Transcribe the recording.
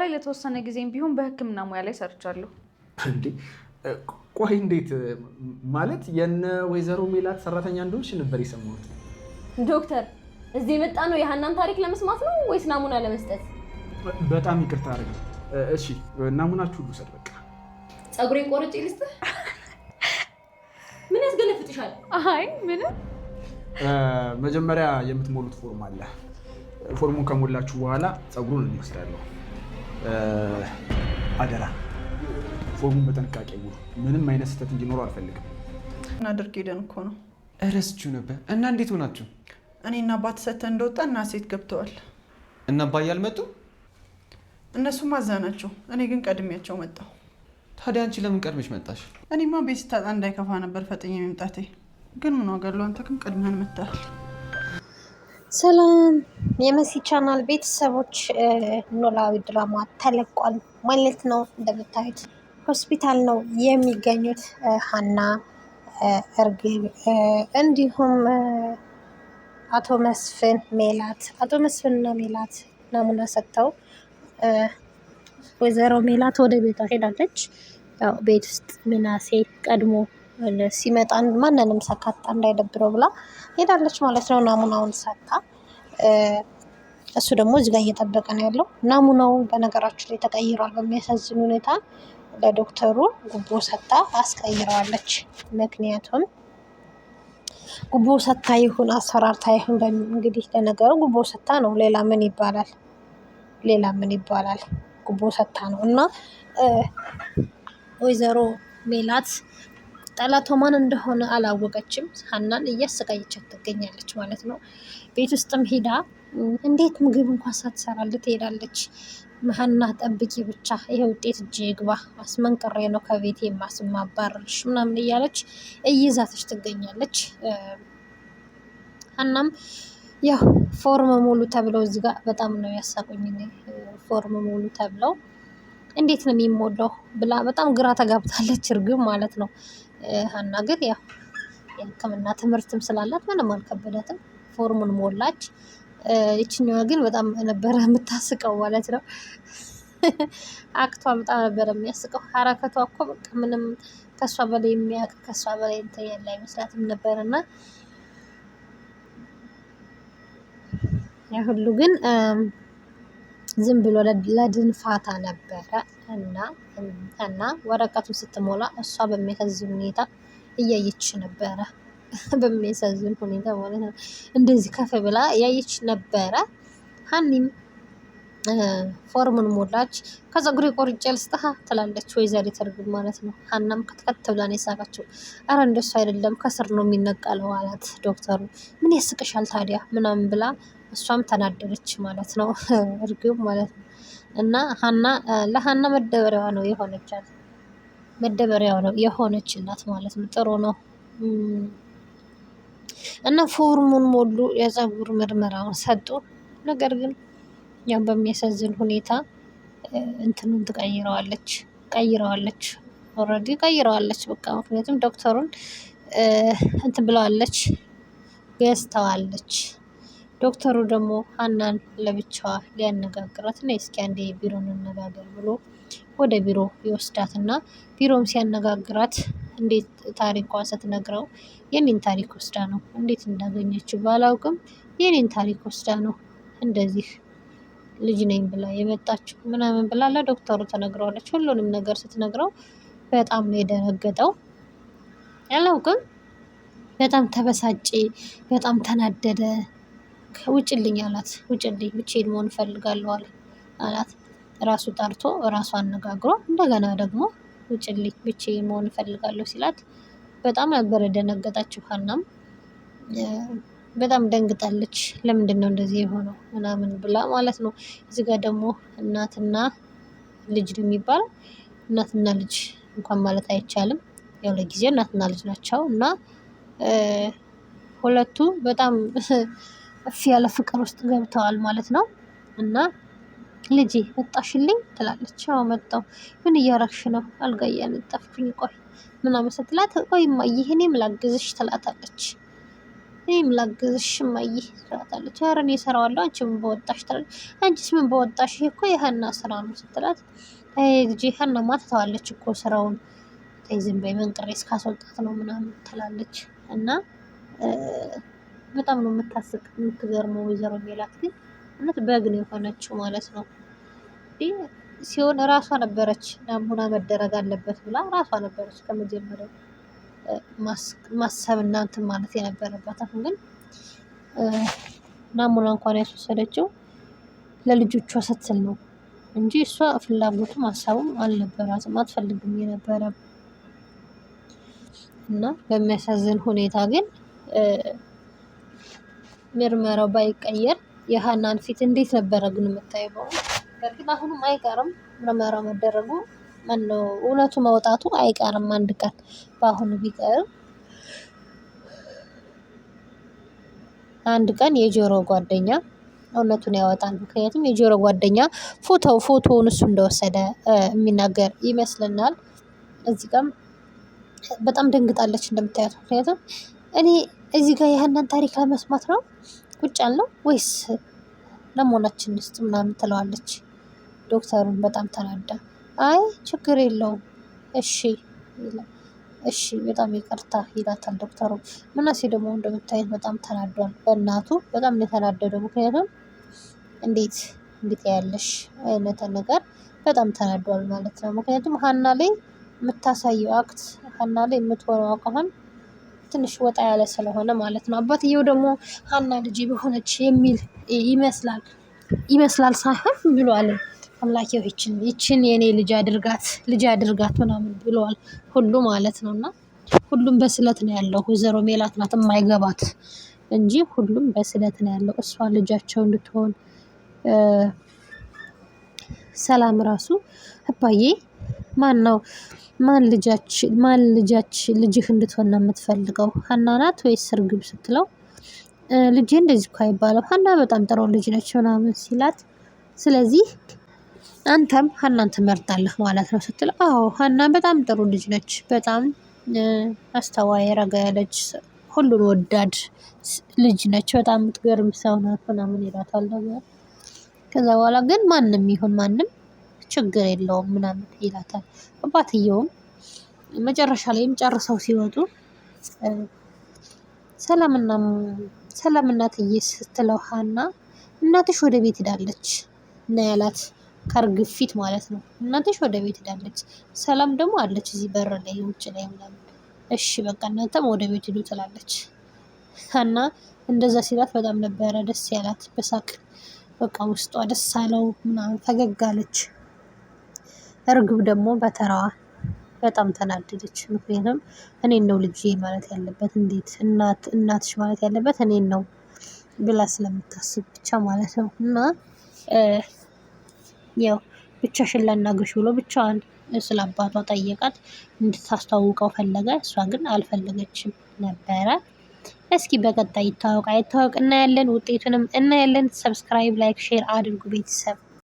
ላይ ለተወሰነ ጊዜም ቢሆን በህክምና ሙያ ላይ ሰርቻለሁ። እንዴ ቆይ እንዴት ማለት የነ ወይዘሮ ሜላት ሰራተኛ እንደሆንሽ ነበር የሰማሁት። ዶክተር እዚህ የመጣ ነው የሀናን ታሪክ ለመስማት ነው ወይስ ናሙና ለመስጠት? በጣም ይቅርታ አድርግ። እሺ ናሙናችሁ ሁሉ በቃ ጸጉሬ ቆርጬ ልስጥህ። ምን ያስገለፍጥሻል? አይ ምንም። መጀመሪያ የምትሞሉት ፎርም አለ። ፎርሙን ከሞላችሁ በኋላ ጸጉሩን እንወስዳለሁ። አደራ ፎርሙን በጥንቃቄ ሙሉ። ምንም አይነት ስህተት እንዲኖረው አልፈልግም። እናድርግ ሄደን እኮ ነው እረስችሁ ነበር እና እንዴት ሆናችሁ? እኔና አባት ሰተን እንደወጣ እና ሴት ገብተዋል እና አባዬ አልመጡ። እነሱም አዛ ናቸው። እኔ ግን ቀድሜያቸው መጣሁ። ታዲያ አንቺ ለምን ቀድመሽ መጣሽ? እኔማ ቤት ስታጣ እንዳይከፋ ነበር ፈጥኜ መምጣቴ። ግን ምን ዋጋ አለው? አንተ ግን ቀድመህን መጥተሃል። ሰላም የመሲ ቻናል ቤተሰቦች፣ ኖላዊ ድራማ ተለቋል ማለት ነው። እንደምታዩት ሆስፒታል ነው የሚገኙት ሀና፣ እርግብ እንዲሁም አቶ መስፍን፣ ሜላት። አቶ መስፍንና ሜላት ናሙና ሰጥተው ወይዘሮ ሜላት ወደ ቤቷ ሄዳለች። ያው ቤት ውስጥ ምናሴ ቀድሞ ሲመጣ ማንንም ሰካታ እንዳይደብረው ብላ ሄዳለች ማለት ነው። ናሙናውን ሰካ እሱ ደግሞ እዚህ ጋር እየጠበቀ ነው ያለው። ናሙናው በነገራችን ላይ ተቀይሯል በሚያሳዝን ሁኔታ። ለዶክተሩ ጉቦ ሰታ አስቀይረዋለች። ምክንያቱም ጉቦ ሰታ ይሁን አሰራርታ ይሁን እንግዲህ ለነገሩ ጉቦ ሰታ ነው። ሌላ ምን ይባላል? ሌላ ምን ይባላል? ጉቦ ሰታ ነው እና ወይዘሮ ሜላት ጠላቷ ማን እንደሆነ አላወቀችም። ሀናን እያሰቃየቻት ትገኛለች ማለት ነው። ቤት ውስጥም ሂዳ እንዴት ምግብ እንኳን ሳትሰራልህ ትሄዳለች። ሀና ጠብቂ ብቻ ይሄ ውጤት እጅ ይግባ፣ አስመንቅሬ ነው ከቤት የማስማባረርሽ ምናምን እያለች እይዛተች ትገኛለች። ሀናም ያው ፎርም ሙሉ ተብለው እዚህ ጋር በጣም ነው ያሳቁኝ። ፎርም ሙሉ ተብለው እንዴት ነው የሚሞላው ብላ በጣም ግራ ተጋብታለች። እርግብ ማለት ነው ሀና ግን ያው የሕክምና ትምህርትም ስላላት ምንም አልከበዳትም። ፎርሙን ሞላች። ይችኛዋ ግን በጣም ነበረ የምታስቀው ማለት ነው። አክቷ በጣም ነበረ የሚያስቀው። ሀረከቷ እኮ በቃ ምንም ከእሷ በላይ የሚያውቅ ከእሷ በላይ እንትን ያለ አይመስላትም ነበር እና ያ ሁሉ ግን ዝም ብሎ ለድንፋታ ነበረ እና እና ወረቀቱን ስትሞላ እሷ በሚያሳዝን ሁኔታ እያየች ነበረ። በሚያሳዝን ሁኔታ ማለት ነው። እንደዚህ ከፍ ብላ እያየች ነበረ ሀኒም ፎርሙን ሞላች። ከፀጉሬ ቆርጬ ልስጥሃ ትላለች ወይዘሪት እርግብ ማለት ነው። ሀናም ክትከት ብላ ነው የሳቀችው። አረ እንደሱ አይደለም ከስር ነው የሚነቀለው አላት ዶክተሩ። ምን ያስቅሻል ታዲያ ምናምን ብላ እሷም ተናደደች ማለት ነው እርግብ ማለት ነው። እና ሀና ለሀና መደበሪያዋ ነው የሆነቻት መደበሪያው ነው የሆነችላት ማለት ነው። ጥሩ ነው። እና ፎርሙን ሞሉ፣ የፀጉር ምርመራውን ሰጡ። ነገር ግን ያው በሚያሳዝን ሁኔታ እንትኑን ትቀይረዋለች ቀይረዋለች ኦልሬዲ ቀይረዋለች። በቃ ምክንያቱም ዶክተሩን እንትን ብለዋለች፣ ገዝተዋለች። ዶክተሩ ደግሞ ሀናን ለብቻዋ ሊያነጋግራት ነው። እስኪ አንዴ ቢሮ እንነጋገር ብሎ ወደ ቢሮ ይወስዳትና ቢሮም ሲያነጋግራት እንዴት ታሪኳን ስትነግረው የኔን ታሪክ ወስዳ ነው እንዴት እንዳገኘችው ባላውቅም የኔን ታሪክ ወስዳ ነው እንደዚህ ልጅ ነኝ ብላ የመጣችው ምናምን ብላ ለዶክተሩ ተነግረዋለች። ሁሉንም ነገር ስትነግረው በጣም ነው የደነገጠው። አላውቅም፣ በጣም ተበሳጭ፣ በጣም ተናደደ። ውጭልኝ አላት። ውጭልኝ፣ ብቻዬን መሆን እፈልጋለሁ አላት። ራሱ ጠርቶ ራሱ አነጋግሮ እንደገና ደግሞ ውጭልኝ፣ ብቻዬን መሆን እፈልጋለሁ ሲላት በጣም ነበር የደነገጣችው ሀናም በጣም ደንግጣለች። ለምንድን ነው እንደዚህ የሆነው ምናምን ብላ ማለት ነው። እዚህ ጋር ደግሞ እናትና ልጅ ነው የሚባለው። እናትና ልጅ እንኳን ማለት አይቻልም። ያው ለጊዜው እናትና ልጅ ናቸው እና ሁለቱ በጣም እፍ ያለ ፍቅር ውስጥ ገብተዋል ማለት ነው። እና ልጄ መጣሽልኝ ትላለች። አዎ መጣሁ። ምን እያረግሽ ነው? አልጋ እያነጠፍኩኝ ቆይ ምናምን ስትላት፣ ቆይማ ይህኔም ላግዝሽ ትላታለች። እኔም ላግዝሽ እማዬ ትላታለች። ኧረ እኔ እሰራዋለሁ አንቺ ምን በወጣሽ ትላለች። አንቺስ ምን በወጣሽ እኮ የሀና ስራ ነው ስትላት፣ ጊዜ ሀናማ ትተዋለች እኮ ስራውን ተይ ዝም በይ መንቅሬ እስካስወጣት ነው ምናምን ትላለች። እና በጣም ነው የምታስቅ የምትገርመው ወይዘሮ ሜላት ግን እውነት በግ ነው የሆነችው ማለት ነው ሲሆን እራሷ ነበረች ናሙና መደረግ አለበት ብላ እራሷ ነበረች ከመጀመሪያው ማሰብ እና እንትን ማለት የነበረባት። አሁን ግን ናሙና እንኳን ያስወሰደችው ለልጆቿ ስትል ነው እንጂ እሷ ፍላጎቱም ሀሳቡም አልነበራትም፣ አትፈልግም የነበረ እና በሚያሳዝን ሁኔታ ግን ምርመራው ባይቀየር የሀናን ፊት እንዴት ነበረ ግን የምታይበው? በእርግጥ አሁንም አይቀርም ምርመራ መደረጉ እውነቱ መውጣቱ አይቀርም አንድ ቀን በአሁኑ ቢቀርም አንድ ቀን የጆሮ ጓደኛ እውነቱን ያወጣል። ምክንያቱም የጆሮ ጓደኛ ፎቶ ፎቶውን እሱ እንደወሰደ የሚናገር ይመስልናል። እዚህ ጋም በጣም ደንግጣለች እንደምታያት። ምክንያቱም እኔ እዚህ ጋር ያህናን ታሪክ ለመስማት ነው ቁጭ አለው ወይስ ለመሆናችን ውስጥ ምናምን ትለዋለች። ዶክተሩን በጣም ተናዳ አይ ችግር የለውም እሺ እሺ በጣም ይቅርታ ይላታል ዶክተሩ። ምናሴ ደግሞ እንደምታየት በጣም ተናዷል። በእናቱ በጣም የተናደደው ምክንያቱም እንዴት እንዴት ያለሽ አይነት ነገር በጣም ተናዷል ማለት ነው። ምክንያቱም ሀና ላይ የምታሳየው አክት ሀና ላይ የምትሆነው አቋም ትንሽ ወጣ ያለ ስለሆነ ማለት ነው። አባትየው ደግሞ ሀና ልጅ በሆነች የሚል ይመስላል ይመስላል ሳይሆን ብሏል። አምላኪ ይችን ይችን የኔ ልጅ አድርጋት ልጅ አድርጋት ምናምን ብለዋል ሁሉ ማለት ነው። እና ሁሉም በስለት ነው ያለው። ወይዘሮ ሜላት ናት የማይገባት እንጂ ሁሉም በስለት ነው ያለው። እሷ ልጃቸው እንድትሆን ሰላም ራሱ አባዬ ማን ነው ማን ልጃች ማን ልጃች ልጅህ እንድትሆን ነው የምትፈልገው ሀና ናት ወይስ ስርግብ ስትለው ልጄ እንደዚህ እኮ አይባለው ሀና በጣም ጥሩ ልጅ ነች ምናምን ሲላት ስለዚህ አንተም ሀናን ትመርጣለህ ማለት ነው ስትል፣ አዎ ሀና በጣም ጥሩ ልጅ ነች። በጣም አስተዋይ፣ ረጋ ያለች፣ ሁሉን ወዳድ ልጅ ነች። በጣም የምትገርም ሰው ናት ምናምን ይላታል። ከዛ በኋላ ግን ማንም ይሁን ማንም ችግር የለውም ምናምን ይላታል። አባትየውም መጨረሻ ላይም ጨርሰው ሲወጡ ሰላምና ሰላም እናትዬ ስትለው ሀና እናትሽ ወደ ቤት ሄዳለች እና ያላት ከርግፊት ማለት ነው። እናንተሽ ወደ ቤት ሄዳለች። ሰላም ደግሞ አለች እዚህ በር ላይ ውጭ ላይ ምናምን። እሺ በቃ እናንተም ወደ ቤት ሄዱ ትላለች እና እንደዛ ሲላት በጣም ነበረ ደስ ያላት በሳቅ በቃ ውስጧ ደስ አለው ምናምን ፈገግ አለች። እርግብ ደግሞ በተራዋ በጣም ተናደደች። ምክንያቱም እኔን ነው ልጅ ማለት ያለበት እንዴት እናት እናትሽ ማለት ያለበት እኔን ነው ብላ ስለምታስብ ብቻ ማለት ነው እና ያው ብቻሽን ላናግርሽ ብሎ ብቻዋን ስለ አባቷ ጠየቃት። እንድታስተዋውቀው ፈለገ። እሷ ግን አልፈለገችም ነበረ። እስኪ በቀጣይ ይታወቅ አይታወቅ እናያለን። ውጤቱንም እናያለን። ሰብስክራይብ፣ ላይክ፣ ሼር አድርጉ ቤተሰብ